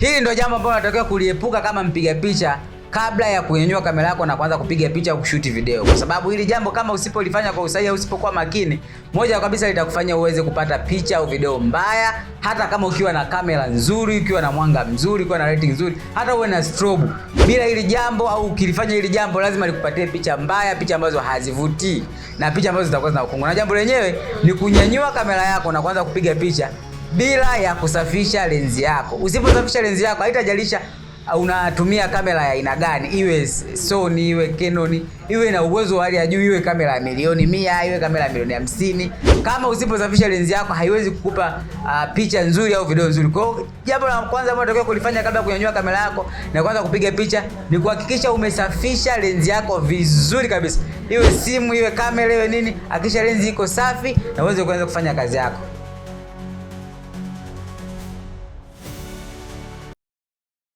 Hili ndio jambo ambalo natakiwa kuliepuka kama mpiga picha kabla ya kunyanyua kamera yako na kuanza kupiga picha au kushuti video, kwa sababu hili jambo kama usipolifanya kwa usahihi usipokuwa makini, moja kabisa litakufanya uweze kupata picha au video mbaya, hata kama ukiwa na kamera nzuri, ukiwa na mwanga mzuri, ukiwa na lighting nzuri, hata uwe na strobe. Bila hili jambo au ukilifanya hili jambo, lazima likupatie picha mbaya, picha ambazo hazivutii na picha ambazo zitakuwa zina ukungu. Na jambo lenyewe ni kunyanyua kamera yako na kuanza kupiga picha bila ya kusafisha lenzi yako. Usiposafisha lenzi yako, haitajalisha uh, unatumia kamera ya aina gani, iwe Sony iwe Canon, iwe na uwezo wa hali ya juu, iwe kamera ya milioni mia, iwe kamera ya milioni hamsini, kama usiposafisha lenzi yako haiwezi kukupa uh, picha nzuri au video nzuri. Kwa hiyo jambo la kwanza ambalo unatakiwa kulifanya kabla ya kunyanyua kamera yako na kwanza kupiga picha ni kuhakikisha umesafisha lenzi yako vizuri kabisa, iwe simu iwe kamera iwe nini, hakikisha lenzi iko safi na uweze kuanza kufanya kazi yako.